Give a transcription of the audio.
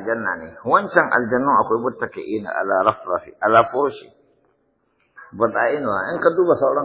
aljanna ne wancan aljannu akwai muttaqina ala rafrafi ala furshi bada'inuha in ka duba sauran